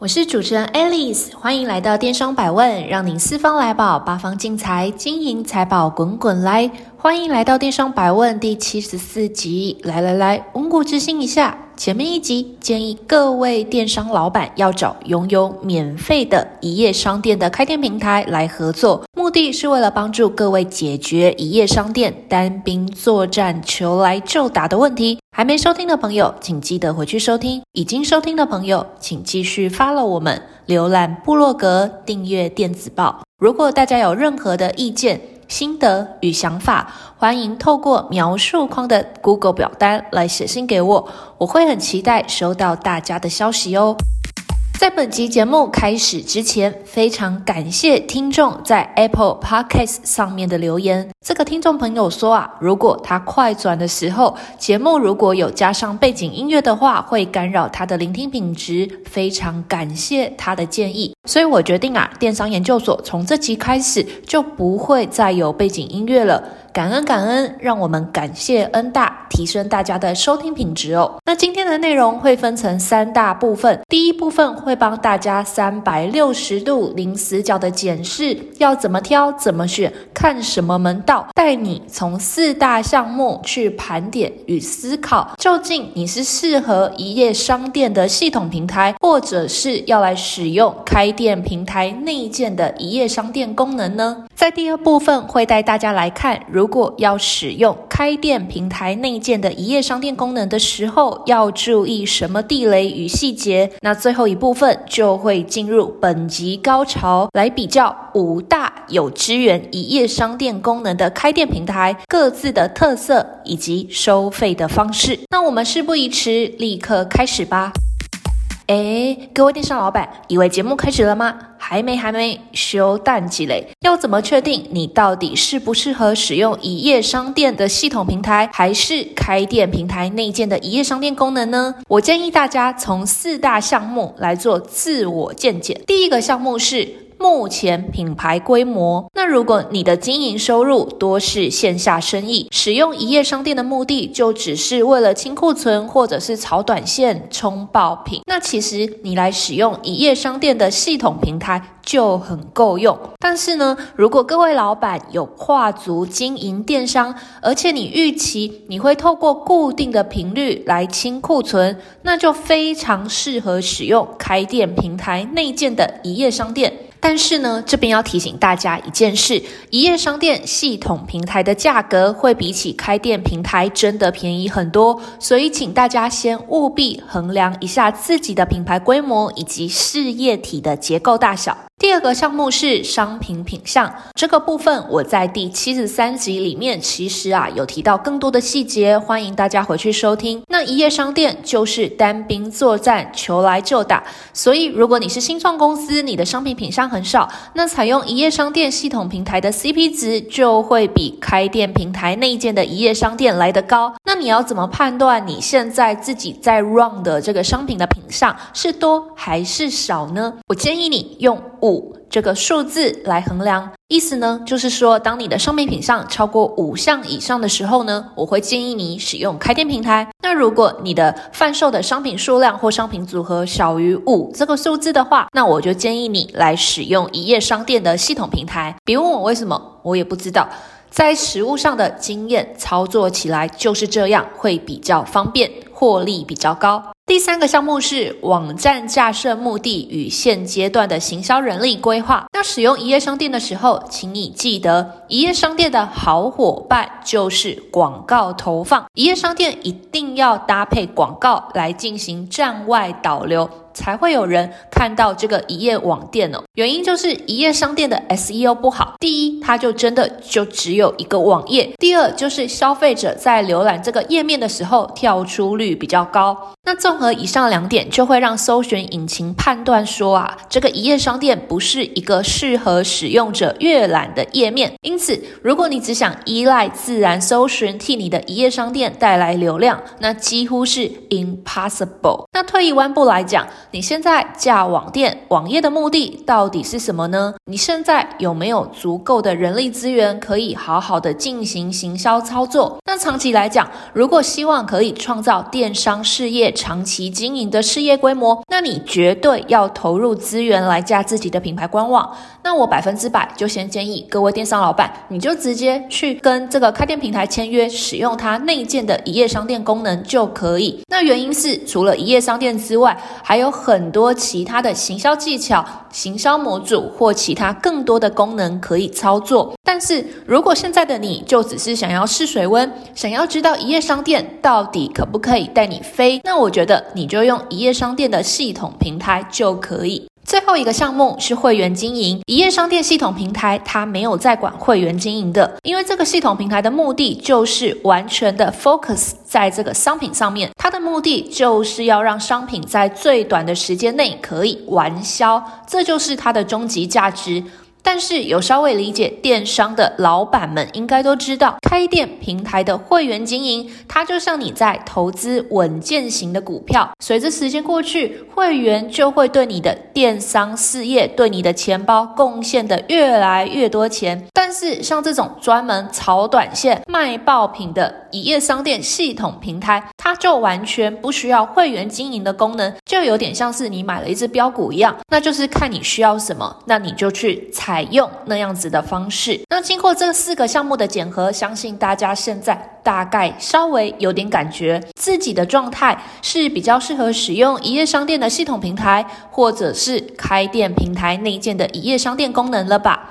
我是主持人 Alice，歡迎來到電商百問，讓您四方來寶，八方進財，金銀財寶滾滾來。歡迎來到電商百問第七十四集，來來來，溫故知新一下前面一集，建議各位電商老板要找擁有免費的一頁商店的開店平台來合作，目的是為了幫助各位解決一頁商店單兵作戰求來就打的問題。還沒收聽的朋友，請記得回去收聽；已經收聽的朋友，請繼續 follow 我們，瀏覽部落格、訂閱電子報。如果大家有任何的意見、心得與想法，歡迎透過描述框的 Google 表單來寫信給我，我會很期待收到大家的消息哦。在本集節目開始之前，非常感謝聽眾在 Apple Podcast 上面的留言。這個聽眾朋友說啊，如果他快轉的時候，節目如果有加上背景音樂的話，會干擾他的聆聽品質。非常感謝他的建議，所以我決定啊，電商研究所從這期開始就不會再有背景音樂了。感恩感恩，讓我們感謝恩大，提升大家的收聽品質哦。那今天的內容會分成三大部分，第一部分會幫大家三百六十度零死角的檢視，要怎麼挑，怎麼選，看什麼門道。帶你從四大項目去盤點與思考，究竟你是適合一頁商店的系統平台，或者是要來使用開店平台內建的一頁商店功能呢？在第二部分會帶大家來看，如果要使用開店平台內建的一頁商店功能的時候，要注意什麼地雷與細節。那最後一部分就會進入本集高潮，來比較五大。有支援一頁商店功能的開店平台各自的特色以及收費的方式，那我們事不宜遲，立刻開始吧。誒，各位電商老板，以為節目開始了嗎？還沒，還沒，修但幾勒。要怎麼確定你到底適不適合使用一頁商店的系統平台，還是開店平台內建的一頁商店功能呢？我建議大家從四大項目來做自我見解。第一個項目是。目前品牌規模，那如果你的經營收入多是線下生意，使用一頁商店的目的就只是為了清庫存或者是炒短線衝爆品，那其實你來使用一頁商店的系統平台就很夠用。但是呢，如果各位老板有跨足經營電商，而且你預期你會透過固定的頻率來清庫存，那就非常適合使用開店平台內建的一頁商店。但是呢，這邊要提醒大家一件事，一頁商店系統平台的價格會比起開店平台真的便宜很多，所以請大家先務必衡量一下自己的品牌規模以及事業體的結構大小。第二個項目是商品品項，這個部分我在第七十三集裡面其實啊有提到更多的細節，歡迎大家回去收聽。那一頁商店就是單兵作戰，球來就打。所以如果你是新創公司，你的商品品項很少，那採用一頁商店系統平台的 CP 值就會比開店平台內建的一頁商店來得高。那你要怎麼判斷你現在自己在 run 的這個商品的品項是多還是少呢？我建議你用，五這個數字來衡量，意思呢就是說，當你的商品品項超過五項以上的時候呢，我會建議你使用開店平台。那如果你的販售的商品數量或商品組合小於五這個數字的話，那我就建議你來使用一頁商店的系統平台。別問我為什麼，我也不知道。在實務上的經驗，操作起來就是這樣，會比較方便，獲利比較高。第三個項目是網站架設目的與現階段的行銷人力規劃。那使用一頁商店的時候，請你記得，一頁商店的好夥伴就是廣告投放。一頁商店一定要搭配廣告來進行站外導流。才會有人看到這個一頁網店哦。原因就是一頁商店的 SEO 不好。第一，它就真的就只有一個網頁。第二，就是消費者在瀏覽這個頁面的時候，跳出率比較高。那綜合以上兩點，就會讓搜尋引擎判斷說啊，這個一頁商店不是一個適合使用者閱覽的頁面。因此，如果你只想依賴自然搜尋替你的一頁商店帶來流量，那幾乎是 impossible。那退一萬步來講，你現在架網店、網頁的目的到底是什麼呢？你現在有沒有足夠的人力資源可以好好的進行行銷操作？那長期來講，如果希望可以創造電商事業長期經營的事業規模，那你絕對要投入資源來架自己的品牌官網。那我百分之百就先建議各位電商老闆，你就直接去跟這個開店平台簽約，使用它內建的一頁商店功能就可以。那原因是，除了一頁商店之外，還有。很多其他的行銷技巧、行銷模組或其他更多的功能可以操作，但是如果現在的你就只是想要試水溫，想要知道一頁商店到底可不可以帶你飛，那我覺得你就用一頁商店的系統平台就可以。最後一個項目是會員經營，一頁商店系統平台，它沒有在管會員經營的，因為這個系統平台的目的就是完全的 focus 在這個商品上面，它的目的就是要讓商品在最短的時間內可以完銷，這就是它的終極價值。但是有稍微理解電商的老闆們應該都知道，開店平台的會員經營，它就像你在投資穩健型的股票，隨着時間過去，會員就會對你的電商事業、對你的錢包貢獻的越來越多錢。但是像這種專門炒短線、賣爆品的一頁商店系統平台，它就完全不需要會員經營的功能，就有點像是你買了一隻飆股一樣，那就是看你需要什麼，那你就去採採用那樣子的方式，那經過這四個項目的檢核，相信大家現在大概稍微有點感覺，自己的狀態是比較適合使用一頁商店的系統平台，或者是開店平台內建的一頁商店功能了吧？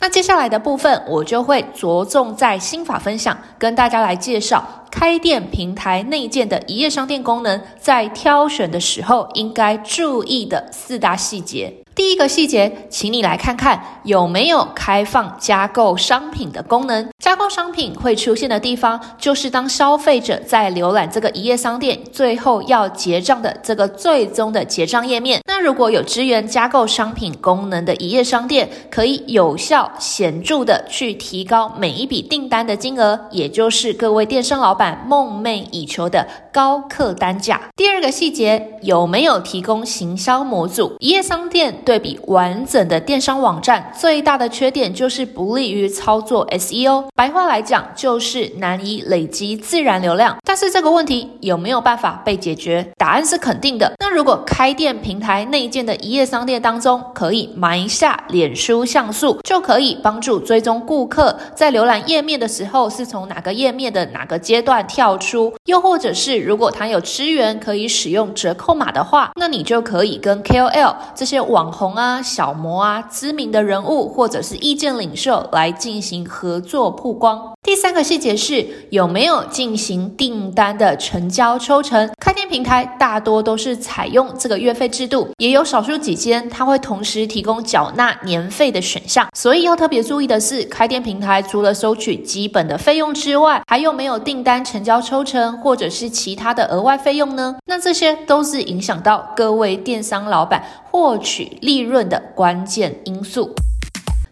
那接下來的部分，我就會着重在心法分享，跟大家來介紹開店平台內建的一頁商店功能，在挑選的時候應該注意的四大細節。第一個細節，請你來看看有沒有開放加購商品的功能。加購商品會出現的地方，就是當消費者在瀏覽這個一頁商店，最後要結賬的這個最終的結賬頁面。那如果有支援加購商品功能的一頁商店，可以有效顯著的去提高每一筆訂單的金額，也就是各位電商老板夢寐以求的，高客單價。第二個細節，有沒有提供行銷模組？一頁商店對比完整的電商網站，最大的缺點就是不利於操作 SEO。白話來講，就是難以累積自然流量。但是這個問題有沒有辦法被解決？答案是肯定的。那如果開店平台內建的一頁商店當中可以埋下臉書像素，就可以幫助追蹤顧客在瀏覽頁面的時候是從哪個頁面的哪個階段跳出，又或者是。如果他有資源可以使用折扣碼的話，那你就可以跟 KOL 這些網紅啊、小模啊、知名的人物或者是意見領袖來進行合作曝光。第三個細節是有沒有進行訂單的成交抽成？開店平台大多都是採用這個月費制度，也有少數幾間，它會同時提供繳納年費的選項。所以要特別注意的是，開店平台除了收取基本的費用之外，還有沒有訂單成交抽成或者是其他的額外費用呢？那這些都是影響到各位電商老闆獲取利潤的關鍵因素。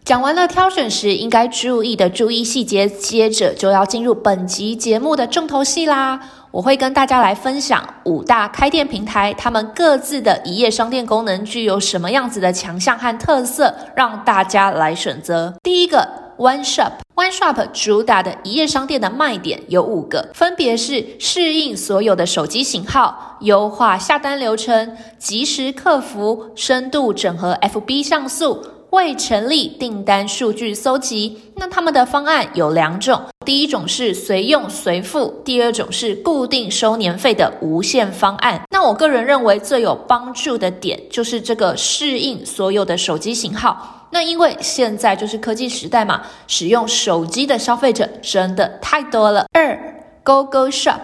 講完了挑選時應該注意的注意細節，接着就要進入本集節目的重頭戲啦！我會跟大家來分享五大開店平台，它們各自的一頁商店功能具有什麼樣子的強項和特色，讓大家來選擇。第一個，OneShop，OneShop One 主打的一頁商店的賣點有五個，分別是適應所有的手機型號、優化下單流程、即時客服、深度整合 FB 像素。未成立訂單數據搜集，那他們的方案有兩種，第一種是隨用隨付，第二種是固定收年費的無限方案。那我個人認為最有幫助的點就是這個適應所有的手機型號。那因為現在就是科技時代嘛，使用手機的消費者真的太多了。二，Go Go Shop。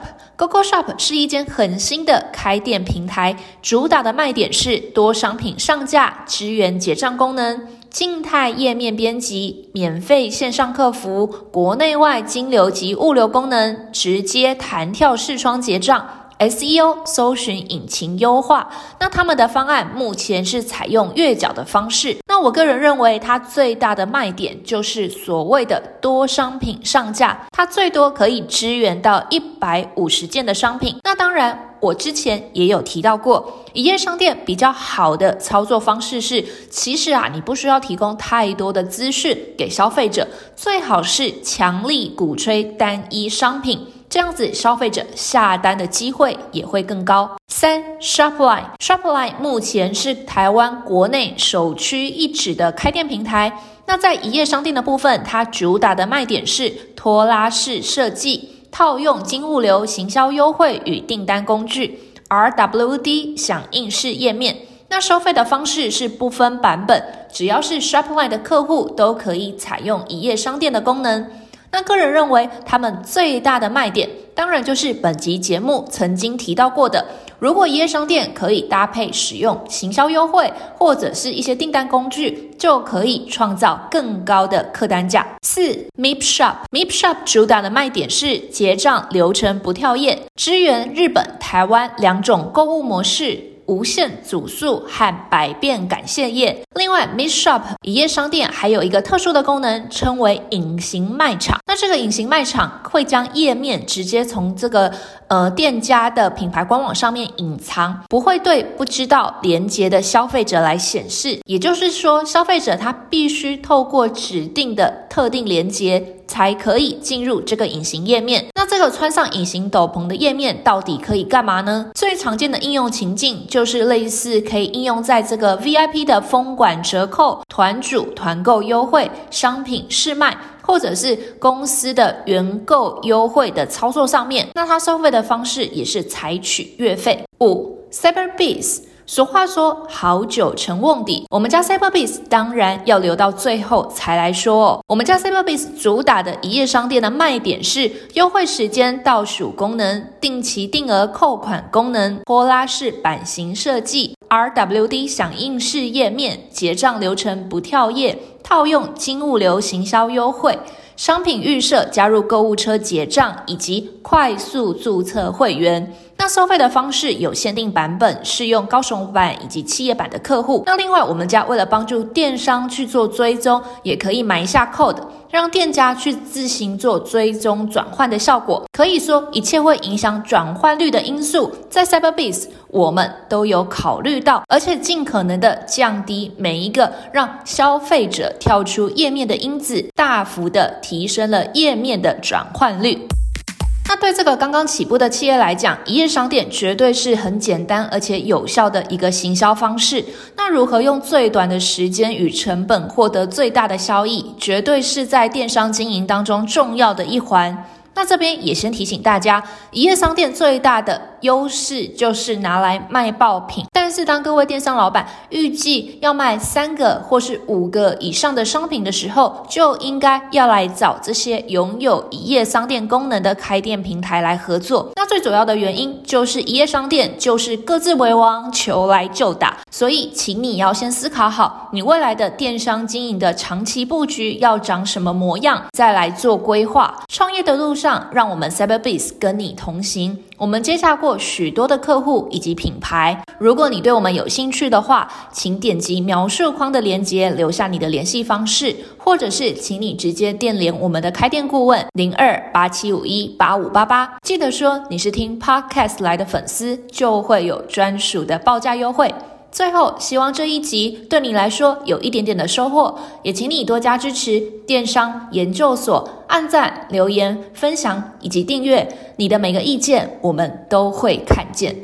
Coco Shop 是一間很新的開店平台，主打的賣點是多商品上架、支援結賬功能、靜態頁面編輯、免費線上客服、國內外金流及物流功能、直接彈跳視窗結賬。SEO 搜尋引擎優化，那他們的方案目前是採用月繳的方式。那我個人認為，它最大的賣點就是所謂的多商品上架，它最多可以支援到一百五十件的商品。那當然，我之前也有提到過，一頁商店比較好的操作方式是，其實啊，你不需要提供太多的資訊給消費者，最好是強力鼓吹單一商品。這樣子，消費者下單的機會也會更高。三 Shopline，Shopline 目前是台灣國內首屈一指的開店平台。那在一頁商店的部分，它主打的賣點是拖拉式設計，套用金物流行銷優惠與訂單工具，RWD 響應式頁面。那收費的方式是不分版本，只要是 Shopline 的客戶都可以採用一頁商店的功能。那個人認為，他們最大的賣點，當然就是本集節目曾經提到過的：如果一頁商店可以搭配使用行銷優惠或者是一些訂單工具，就可以創造更高的客單價。四 Meep Shop，Meep Shop 主打的賣點是結賬流程不跳頁，支援日本、台灣兩種購物模式，無限組數和百變感謝頁。另外，Miss Shop 一頁商店還有一個特殊的功能，稱為隱形賣場。那這個隱形賣場會將頁面直接從這個呃店家的品牌官網上面隱藏，不會對不知道鏈接的消費者來顯示。也就是說，消費者他必須透過指定的特定鏈接。才可以進入這個隱形頁面。那這個穿上隱形斗篷的頁面到底可以幹嘛呢？最常見的應用情境就是類似可以應用在這個 VIP 的封館折扣、團主團購優惠、商品試賣，或者是公司的原購優惠的操作上面。那它收費的方式也是採取月費。五 Cyberbiz。俗話說，好酒沉甕底。我們家 Cyberbiz 當然要留到最後才來說哦。我們家 Cyberbiz 主打的一頁商店的賣點是優惠時間倒數功能、定期定額扣款功能、拖拉式版型設計、RWD 響應式頁面、結賬流程不跳頁、套用金物流行銷優惠、商品預設加入購物車結賬以及快速註冊會員。那收費的方式有限定版本、適用高雄版以及企業版的客戶。那另外，我們家為了幫助電商去做追蹤，也可以埋一下 Code，讓店家去自行做追蹤轉換的效果。可以說，一切會影響轉換率的因素，在 CYBERBIZ 我們都有考慮到，而且盡可能的降低每一個讓消費者跳出頁面的因子，大幅的提升了頁面的轉換率。那對這個剛剛起步的企業來講，一頁商店絕對是很簡單而且有效的一個行銷方式。那如何用最短的時間與成本獲得最大的效益，絕對是在電商經營當中重要的一環。那這邊也先提醒大家，一頁商店最大的優勢就是拿來賣爆品。是當各位電商老闆預計要賣三個或是五個以上的商品的時候，就應該要來找這些擁有一頁商店功能的開店平台來合作。那最主要的原因就是一頁商店就是各自為王，求來就打。所以，請你要先思考好你未來的電商經營的長期布局要長什麼模樣，再來做規劃。創業的路上，讓我們 CyberBiz 跟你同行。我們接洽過許多的客戶以及品牌，如果你。對我們有興趣的話，請點擊描述框的鏈接，留下你的聯繫方式，或者是請你直接電聯我們的開店顧問零二八七五一八五八八。記得說你是聽 Podcast 來的粉絲，就會有專屬的報價優惠。最後，希望這一集對你來說有一點點的收穫，也請你多加支持電商研究所，按讚、留言、分享以及訂閱。你的每個意見，我們都會看見。